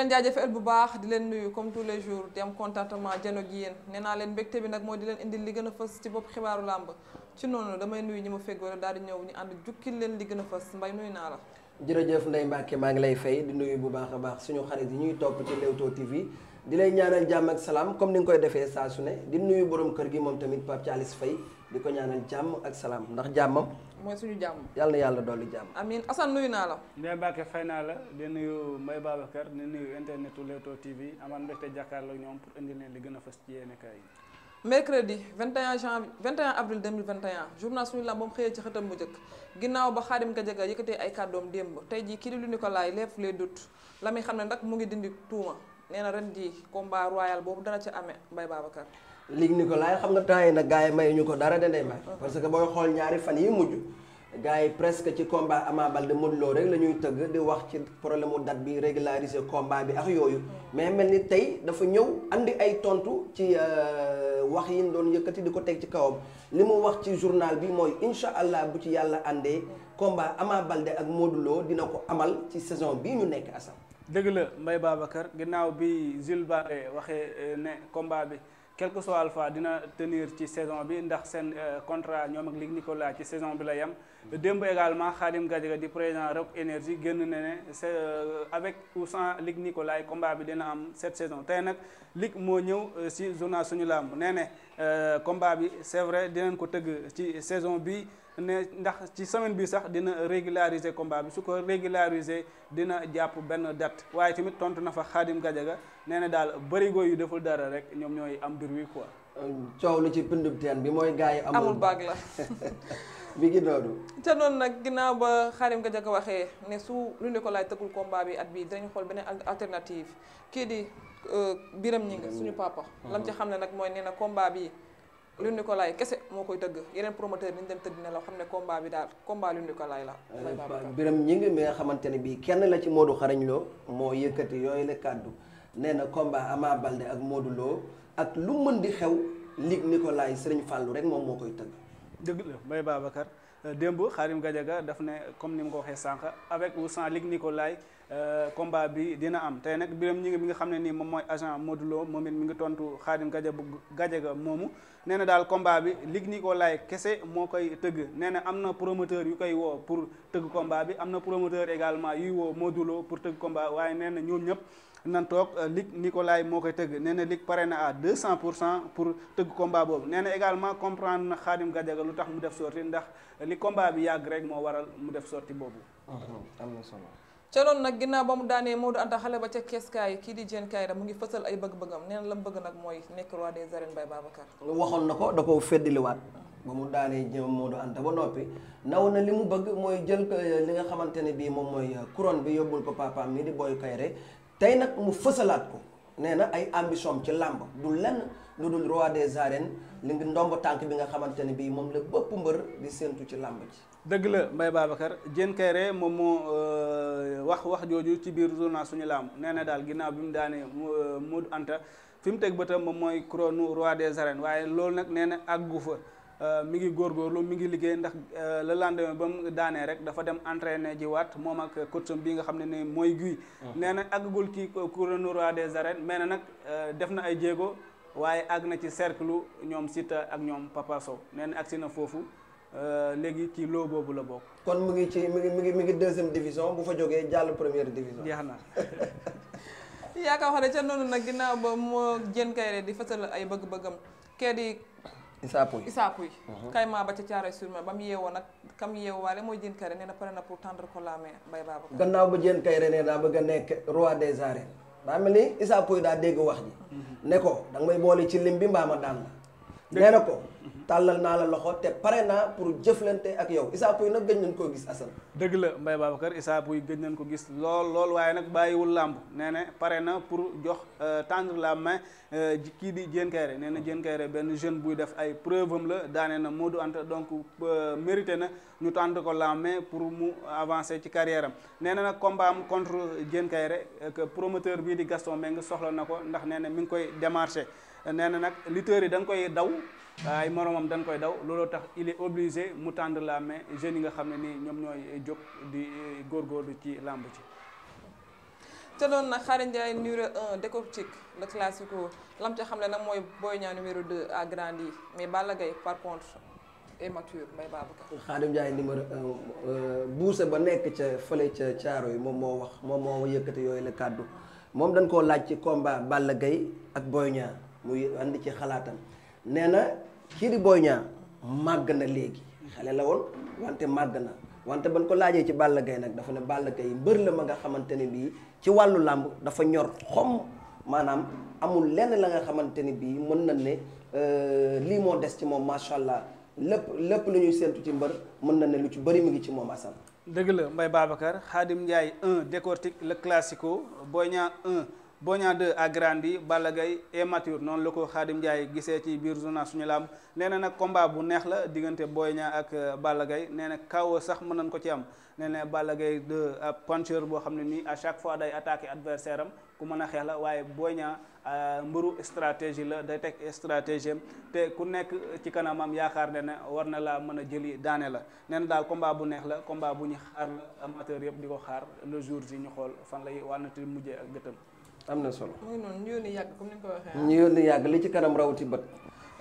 leen jaajëfal bu baax di leen nuyu comme tous les jours di am contentement jano gi yéen nee naa leen mbégte bi nag mooy di leen indil li gën a fës ci bopp xibaaru làmb ci noonu damay nuyu ñi ma feggoole daal di ñëw ñu ànd jukkil leen li gën a fës mbay nuyu naa la jërëjëf ndey Mbacke maa ngi lay fay di nuyu bu baax a baax suñu xarit yi ñuy topp ci Leewtoo TV di lay ñaanal jàmm ak salaam comme ni nga koy defee saa su ne di nuyu borom kër gi moom tamit Pape Thialis Faye di ko ñaanal jàmm ak salaam ndax jàmmam. mooy suñu jàmm. yàlla na yàlla dolli jàmm. amiin Assane nuyu naa la. Ndeye Mbacke fay naa la di nuyu Mbaye Babacar di nuyu internetu Leewtoo TV amaan mbégte ñoom pour indi leen li gën a fës ci yéen kaay yi. mercredi 21 janvier 21 avril 2021 journal suñu lamb moom xëyee ci xëtam bu njëkk ginnaaw ba Xaadim Gadiaga yëkkatee ay kàddoom démb tey jii kii di lu Nicolas lève les doutes la xam ne nag mu ngi dindi tuuma nee na ren jii combat royal boobu dana ci amee Mbaye Babacar. ko Nicolas xam nga temps yi nag gars yi may ñu ko dara de Ndeye Mbaye mm-hmm. parce que booy xool ñaari fan yi mujj. gars yi presque ci combat amaa balde Modou rek la ñuy tëgg di wax ci problème mu date bi régulariser combat bi ak yooyu mm-hmm. mais mel ni tey dafa ñëw andi ay tontu ci euh, wax yi ñu doon yëkkati di ko teg ci kawam li mu wax ci journal bi mooy incha allah bu ci yàlla àndee mm-hmm. combat Ama Baldé ak Modou Lô dina ko amal ci saison bii ñu nekk asam dëgg la mbay Mbaye Babacar ginnaaw bi Jules Balé waxee euh, ne combat bi quel que soit alpha dina tenir ci saison bi ndax seen euh, contrat ñoom ak Ligue Nicolas ci saison bi la yem. démb également Khadim ga di président Rock Énergie génn na ne c'est euh, avec ou sans Ligue Nicolas combat bi dina am cette saison tey nag Ligue moo ñëw si journal suñu làmb nee ne Euh, combat bi c'est vrai dinañ ko tëgg ci saison bi ne ndax ci semaine bi sax dina régulariser combat bi su ko régulariser dina jàpp benn date waaye tamit tontu na fa xaadim gajaga nee na daal bërigo yu deful dara rek ñoom ñooy am mbir wi quoi. Euh, coow lu ci pindub teen bi mooy gars yi amul baag la. mi ngi noonu. ca noonu nag ginnaaw ba Xarim Gadiaga waxee ne su lu ne laay tëggul combat bi at bii dinañu xool beneen alternative kii di euh, Biram ñi nga suñu papa. lam mhm. ci xam ne nag mooy nee na combat bi lu ne laay kese moo koy tëgg yeneen promoteur yi ñu dem tëdd ne la xam ne combat bi daal combat lu ne ko laay la. Euh, Biram ñi ngi mi nga xamante ne bii kenn la ci Modou Xarañ Lo moo yëkkati yooyu la kàddu nee na combat Ama Balde ak Modou loo ak lu mën di xew lig Nicolaay Sëriñ Fàllu rek moom moo koy tëgg. dëgg la Mbaye Babacar euh, démb Khadim Gadiaga daf ne comme ni mu ko waxee sànq avec ou sans Luc Nicolaï euh, combat bi dina am tey nag biram ñi mi nga xam ne nii moom mooy agent Modou Lo moom it mi ngi tontu Khadim Gadiaga Gadiaga moomu nee na daal combat bi Luc Nicolaï kese moo koy tëgg nee na am na promoteur yu koy woo pour tëgg combat bi am na promoteur également yuy woo Modou pour tëgg combat waaye nee na ñoom ñëpp nan toog euh, Ligue Nicolay moo koy tëgg nee na Ligue pare na à 200 pour cent pour tëgg combat boobu nee na également comprendre na Khadim Gadiaga lu tax mu def sorti ndax li combat bi yàgg rek moo waral mu def sorti boobu. Mhm, am solo. ca loolu nag ginnaaw ba mu daanee moo Modou Anta xale ba ca kes kaay kii di Diène Kaïré mu ngi fësal ay bëgg-bëggam nee na la mu bëgg nag mooy nekk roi des arènes Baye Babacar. waxoon na ko da koo feddiliwaat ba mu daanee jëm Modou Anta ba noppi naw na li mu bëgg mooy jël euh, li nga xamante ne bii moom mooy euh, couronne bi yóbbul ko papaam mi di Boy Kaïré tey nag mu fësalaat ko nee na ay ambition ci làmb du lenn lu dul roi des arènes li ngi ndomb tànk bi nga xamante ne bii moom la bëpp mbër di séentu ci làmb ji. dëgg la Mbaye Babacar Diène Kairé moom moo euh, wax wax jooju ci biir journal suñu làmb nee na daal ginnaaw bi mu daanee mu euh, anta fi mu teg bëtam moom mooy couronne roi des arènes waaye loolu nag nee na àggu fa. Euh, mi ngi góor góorgóorlu mi ngi liggéey ndax euh, le lendemain ba mu daanee rek dafa dem entraîner jiwaat moom ak coach bi nga xam ne ni mooy guy mm-hmm. nee na gul kii couronne roi des arènes mais na nag euh, def na ay jéego waaye àgg na ci cercle ñoom Siteu ak ñoom Papa Sow nee na agsi na foofu léegi kii loo boobu la bokk. kon mu ngi ci mi ngi mi ngi mi ngi deuxième division bu fa jógee jàll première division. jeex na. yaakaar wax ne ca noonu nag ginnaaw ba moo jën kayre di fësal ay bëgg-bëggam kee di Issa Pouye Issa Pouye kaymaa ba ca caaray sur mer ba mu yeewoo nag kam yeewaale mooy Diène Kaïré nee na pare na pour tendre ko la main Mbaye Babacar gannaaw ba Diène Kaïré nee naa bëgg a nekk roi des arènes daa mel ni Issa Pouye daa dégg wax ji mhm. ne ko danga may boole ci lim bi mbaa ma daan la nee na ko tàllal naa la loxo te pare naa pour jëflante ak yow Issa yi nag gëj nañ koo gis Assane dëgg la mbay Mbaye Babacar Issa yi gëj nañ ko gis lool lool waaye nag bàyyiwul làmb nee na pare na pour jox euh, tendre la main euh, kii bi Diène Kairé nee na Diène Kairé benn jeune buy def ay preuve la daanee na Modou ant donc euh, mérité na ñu tendre ko la mais pour mu avancer ci carrière am nee na nag combat am contre Diène Kairé promoteur bii di Gaston Mbengue soxla na ko ndax nee na mi ngi koy démarché nee na nag lutteurs yi dañ koy daw ay moromam dañ koy daw looloo tax il est obligé mu tendre la mais jeunes yi nga xam ne nii ñoom ñooy jóg di eh, góorgóorlu ci làmb ci te doon nag Khady Ndiaye numéro 1 décortique le classico lam ci xam ne nag mooy Boy Niang numéro 2 a grandi mais Balla Gaye par contre est mature Mbaye Babacar. Khady Ndiaye numéro euh, buuse ba nekk ca fële ca caaro yi moom moo wax moom moo yëkkati yooyu la kàddu moom dañ koo laaj ci komba Balla ak Boy muy andi ci xalaatam nee na kii Boy Niang màgg na léegi xale la woon wante màgg na wante ban ko laajee ci bàll Gaye nag dafa ne Balla Gaye mbër la ma nga xamante ne bii ci wàllu làmb dafa ñor xom maanaam amul lenn la nga xamante ni bii mën na ne euh, lii moo des ci moom macha allah lépp lépp lu ñuy séntu ci mbër mën na ne lu ci bëri mu ngi ci moom Assane. dëgg la Mbaye Babacar Khadim Ndiaye 1 décortique le classico Boy Boña 2 a grandi Balla Gaye est noonu la ko Khadim Ndiaye gisee ci biir journal suñu laam nee na nag combat bu neex la diggante Boña ak euh, Balla Gaye nee na kaw sax mën nañ ko ci am nee na Balla Gaye 2 ab boo xam ne nii à chaque fois day attaqué adversaire am ku mën a xeex la waaye Boña euh, mbëru stratégie la day teg stratégie te ku nekk ci kanamam yaakaar ne ne war na laa mën a jëli daane la nee na daal combat bu neex la combat bu ñu xaar la amateur yëpp di ko xaar le jour ji ñu xool fan lay wàllu mujjee ak gëtëm. am na solo. mooy noonu ñu yàgg comme ni nga ko waxee. ñu yónni yàgg li ci kanam rawati bët.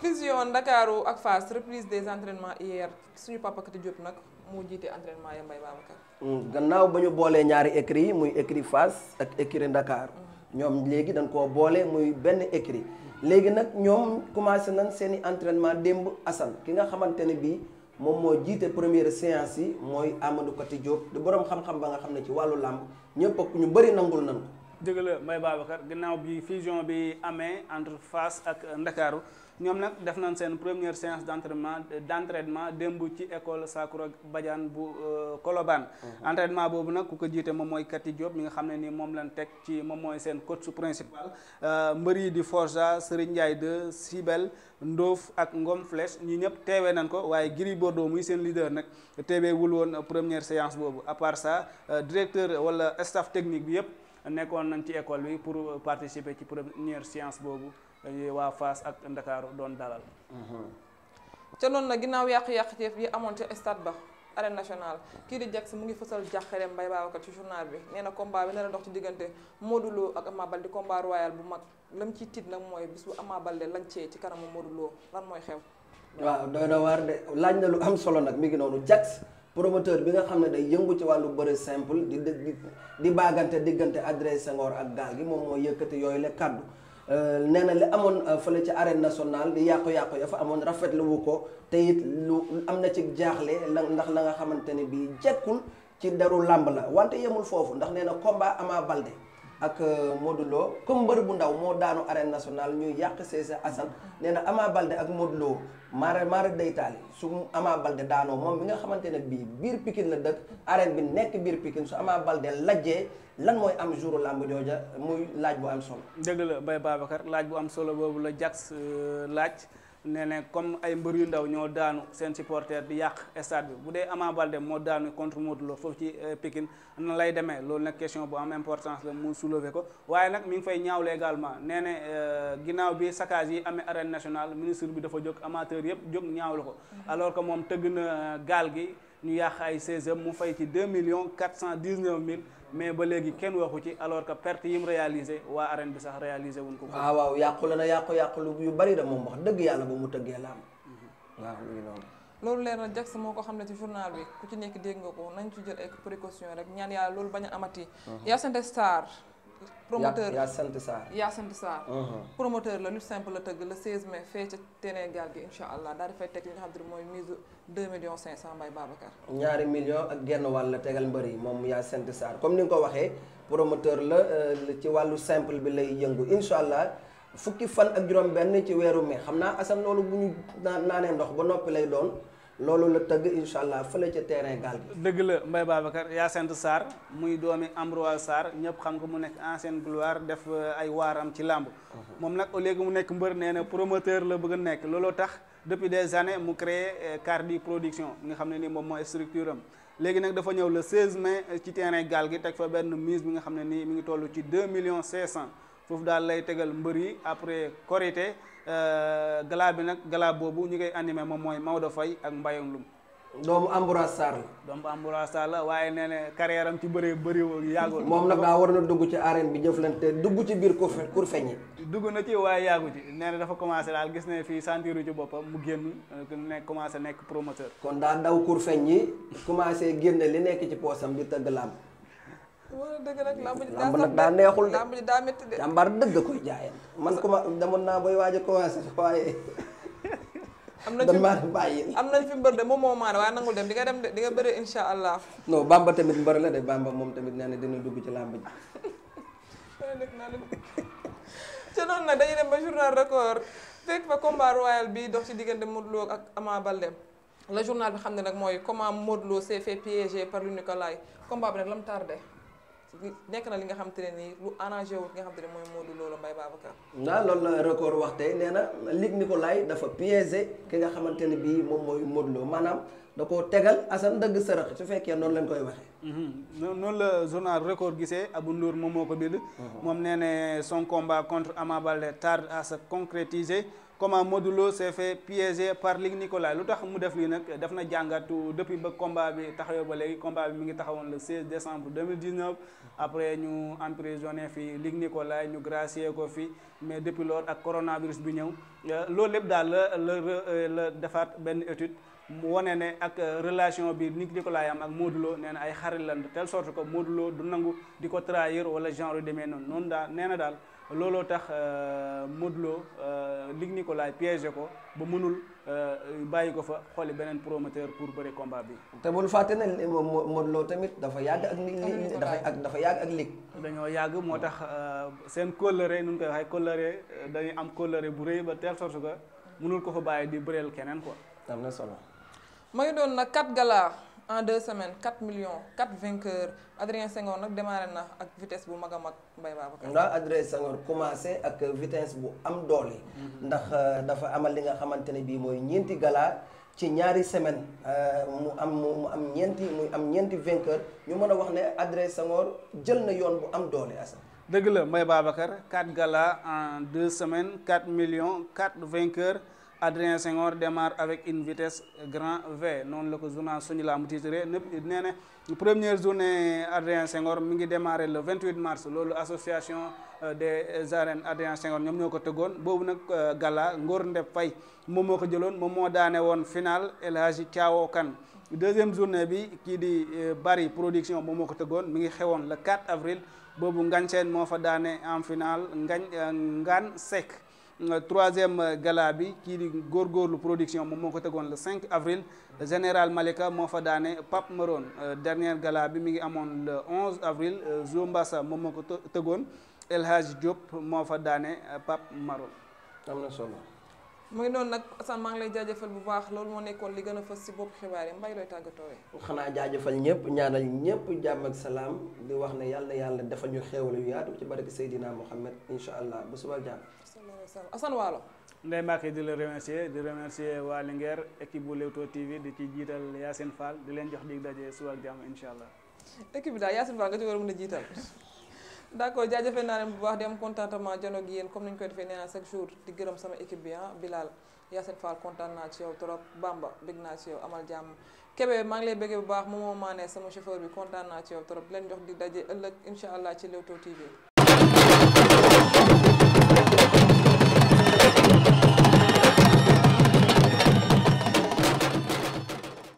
fusion Ndakaaru ak Fass reprise des entraînements hier suñu papa Kati nag moo jiite entraînement ya Mbaye Babacar. Mm, gannaaw ba ñu boolee ñaari écrit yi muy écrit fas ak écrit Ndakaar mm. ñoom léegi dañ ko boole muy benn écrit léegi nag ñoom commencé nañ seen i entraînement démb Assane ki nga xamante ne bii moom moo jiite première séance yi mooy Amadou Kati Diop di borom xam-xam ba nga xam ne ci wàllu làmb ñëpp ñu bëri nangul nañ dëgg la Mbaye Babacar ginnaaw bi fusion bi amee entre Fass ak Ndakaaru ñoom nag def nañ seen première séance d' entraînement d' entraînement démb ci école Sakura Badiane bu euh, Colobane. Mhm. entraînement boobu nag ku ko jiite moom mooy Kati Diop mi nga xam ne ni moom lañ teg ci moom mooy seen su principal euh, mbër yi di Forza Serigne Ndiaye de Sibel Ndoof ak Ngom Flèche ñi ñëpp teewee nañ ko waaye Gris Bordeaux muy seen leader nag teewee wul woon première séance boobu à part ça euh, directeur wala staff technique bi yëpp. nekkoon nañ ci école bi pour participer ci première science boobu waa Fass ak Ndakaaru doon dalal. ca noonu nag ginnaaw yàq-yàq yi amoon ca stade ba. arène nationale kii di Jax mu ngi fësal jàqareem Mbaye Babacar ci journal bi nee na bi nar a dox ci diggante Modou Lo ak Ama Baldé di royal bu mag lam ci tiit nag mooy bis bu Ama Baldé lancee ci kanamu Modou Lo lan mooy xew. waaw doy na waar de laaj na lu am solo nag mi ngi noonu Jax promoteur bi nga xam ne day yëngu ci wàllu bëre simple di di di baagante diggante Adrien Senghor ak gaal gi moom moo yëkkati yooyu la kàddu euh, nee na li amoon euh, fële ci arène nationale di yàqu-yàqu ya fa amoon rafet wu ko teyit it lu am na ci jaaxle la ndax la nga xamante ne bii jekkul ci daru làmb la wante yemul foofu ndax nee na combat amaa balde ak euh, Modou Lo comme mbër bu ndaw moo daanu arène national ñuy yàq César Assane nee na Ama Balde ak Modou Lo maara maara taali su amaa Balde daanoo moom bi nga xamante ne bii biir Pikine la dëkk arène bi nekk biir Pikine su Ama Balde lajjee lan mooy am jouru làmb jooja muy laaj bu am solo. dëgg la Baye Babacar laaj bu am solo boobu la Jax euh, laaj. nee ne comme ay mbër yu ndaw ñoo daanu seen supporter bi yàq stade bi bu dee Ama Baldé moo daanu contre Modou Lo foofu ci euh, Pikine nan lay demee loolu nag question bu am importance la mu soulever ko waaye nag mi ngi fay ñaawle également nee ne euh, ginnaaw bi saccage yi amee arène nationale ministre bi dafa jóg amateur yëpp jóg ñaawlu ko mhm. alors que moom tëgg na euh, gaal gi ñu yàq ay 16 mu fay ci million 2 millions 419 mille mais ba léegi kenn waxu ci alors que perte yi réalisé waa arène bi sax réalisé wuñ ko. waaw ah, waaw yàqu la na yàqu yàqu lu yu bari da moom wax dëgg yàlla ba mu tëggee la am. loolu noonu. loolu leer na Jax moo ko xam ne ci journal bi ku ci nekk dégg nga ko nañ ci jël ay précaution rek ñaan yàlla loolu bañ a amati. Mhm. Yacine Star. promoteur yaa sant Sarr yaa sant Sarr uh-huh. promoteur la lutte simple la tëgg le 16 mais fee ca Ténégal gi incha allah daal dafay teg te ne mooy mise 2 millions 500 mbay Babacar ñaari millions ak genn wàll la tegal mbër yi moom yaa sant Sarr comme ni nga ko waxee promoteur la euh, ci wàllu simple bi lay yëngu incha allah fukki fan ak juróom benn ci weeru mai xam naa Assane loolu bu ñu naanee ndox ba noppi lay doon loolu la tëgg incha allah fële ca terrain gaal bi dëgg la Mbaye Babacar Yacine Sarr muy doomi Ambroise Sarr ñëpp xam ko mu nekk ancienne gloire def euh, ay waaram ci làmb uh-huh. moom nag léegi mu nekk mbër nee na promoteur la bëgg a nekk looloo tax depuis des années mu créé euh, Cardi Production nga xam ne nii moom mooy structure am. léegi nag dafa ñëw le 16 mai euh, ci terrain gaal gi teg fa benn mise bi nga xam ne nii mi ngi toll ci 2 millions 500 foofu daal lay tegal mbër yi après Korité. Euh, gala bi nag gala boobu ñu koy animé moom mooy Maodo Faye ak Mbayang lum doomu Ambroise Sarr la doomu Ambroise Sarr la waaye nee na carrière am ci bëree bëriwoo yàggul moom nag daa war na dugg ci arène bi jëflante dugg ci biir kur kur feñi dugg na ci waaye yàggu ci nee na dafa commencé daal gis ne fii sentiru ci boppam mu génn euh, nekk commencé nekk promoteur kon daa daw kur ñi yi commencé génne li nekk ci poosam di tëgg laam wala dëgg nag lamb ji daa neexul de lamb daa métti de jàmbaar dëgg koy jaayeen man kuma demoon naa bay waaj a commencé waaye am nañ fi mbër bàyyi am nañ fi mbër de moom moo maane waaye nangul dem di nga dem dinga di nga bëri insha allah non bamba tamit mbër la de bamba moom tamit nee na dina dugg ci lamb ji dëgg naa leen ca noonu nag dañuy dem ba journal record fekk fa combat royal bi dox ci diggante Modou ak Ama Baldé la journal bi xam ne nag mooy comment Modou Lo s'est fait piéger par Luc Nicolaï combat nekk na li nga xam te ne nii lu arrangé wu nga xam te mooy Modou Lo Mbaye Babacar. waaw loolu la record wax tey nee ni ko Nicolaï dafa piégé ki nga xamante ne bii moom mooy Modou Lo maanaam da koo tegal asan dëgg sërëx su fekkee noonu lañ koy waxee. Mhm. noonu la journal record gisee Abou Ndour moom moo ko bind. Mhm. moom nee ne son combat contre Ama Baldé tarde à se comment Modou Lo s'est fait piéger par Luc Nicolaï lu tax mu def lii nag def na jàngatu depuis ba combat bi tax taxawee ba léegi combat bi mi ngi taxawoon le 16 décembre 2019 après ñu emprisonné fi Luc Nicolaï ñu gracier ko fi mais depuis lors ak coronavirus bi ñëw euh, loolu lépp daal la la la defaat benn étude mu wane ne ak euh, relation bi Luc Nicolaï am ak Modou Lo ay xarit lan de telle sorte que du nangu di ko trahir wala genre yu demee noonu noonu daal nee na daal looloo tax euh, Modou ni ko euh, Nicolaï piégé ko ba mënul euh, bàyyi ko fa xooli beneen promoteur pour bëri combat bi. te bul fàtte ne Modou Lo tamit dafa yàgg ak. li dafay ak dafa yàgg ak Luc. dañoo yàgg moo tax seen kóllëre nu ñu koy waxee kóllëre dañuy am kóllëre bu rëy ba tele sorte que mënul ko fa bàyyi di bëreel keneen ko am na solo. ma doon nag kat gala. en deux semaines quatre millions quatre vainqueurs Adrien Senghor nag démarré na ak vitesse bu mag a mag Mbaye Babacar. ndax Adrien Senghor commencé ak vitesse bu am doole. Mm-hmm. ndax euh, dafa amal li nga xamante ne bii mooy ñeenti gala ci ñaari semaine euh, mu am mu am ñeenti muy am ñeenti vainqueur ñu mën a wax ne Adrien Senghor jël na yoon bu am doole Assane. dëgg la Mbaye Babacar quatre gala en deux semaines quatre millions quatre vainqueurs. Adrien Senghor démarre avec une vitesse grand ve noonu la ko journal suñu la mu titré nëpp nee na première journée Adrien Senghor mi ngi démarré le 28 mars loolu association euh, des arènes Adrien Senghor ñoom ñoo ko tëggoon boobu nag euh, gala Ngor Ndep Faye moom moo ko jëloon moom moo daane woon final El Hadji Thiawo Kane deuxième journée bi kii di euh, Bari production moom moo ko tëggoon mi ngi xewoon le 4 avril boobu Ngañ Seen moo fa daane en final Ngañ Ngaan Seck troisième euh, gala bi kii góor góorlu production moom moo ko tegoon le cinq avril général Malika moo fa daane Pape Maroon euh, dernière gala bi mi ngi amoon le 11 avril euh, Zo Mbassa moom moo ko tegoon El Hadj Diop moo fa daane Pape Maroon. am na mooy noonu nag Assane maa ngi lay jaajëfal bu baax loolu moo nekkoon li gën a fas si bopp xibaar yi mbay looy tàggatooyee. xanaa jaajëfal ñëpp ñaanal ñëpp jàmm ak salaam di wax ne yàlla yàlla defal ñu xéewal yu yaatu ci barke Seydina Mohamed incha allah bu subal jàmm. asalaamaaleykum Assane Waalo. Ndeye Mbacke di la remercier di remercier waa Linguère équipe bu Leewtoo TV di ci jiital Yacine Fall di leen jox dig daje suba ak jàmm incha allah. équipe bi daal Yacine Fall nga ci war d' accord jaajëfee naa leen bu baax di am contentement jano gi yéen comme ni ñu koy defee nee naa chaque jour di gërëm sama équipe bi ah Bilal Yacine Fall kontaan naa ci yow trop Bamba bëgg naa ci yow amal jàmm Kébé maa ngi lay bëggee bu baax moomoo maanee sama chauffeur bi kontaan naa ci yow trop leen jox di daje ëllëg incha allah ci Leewtoo TV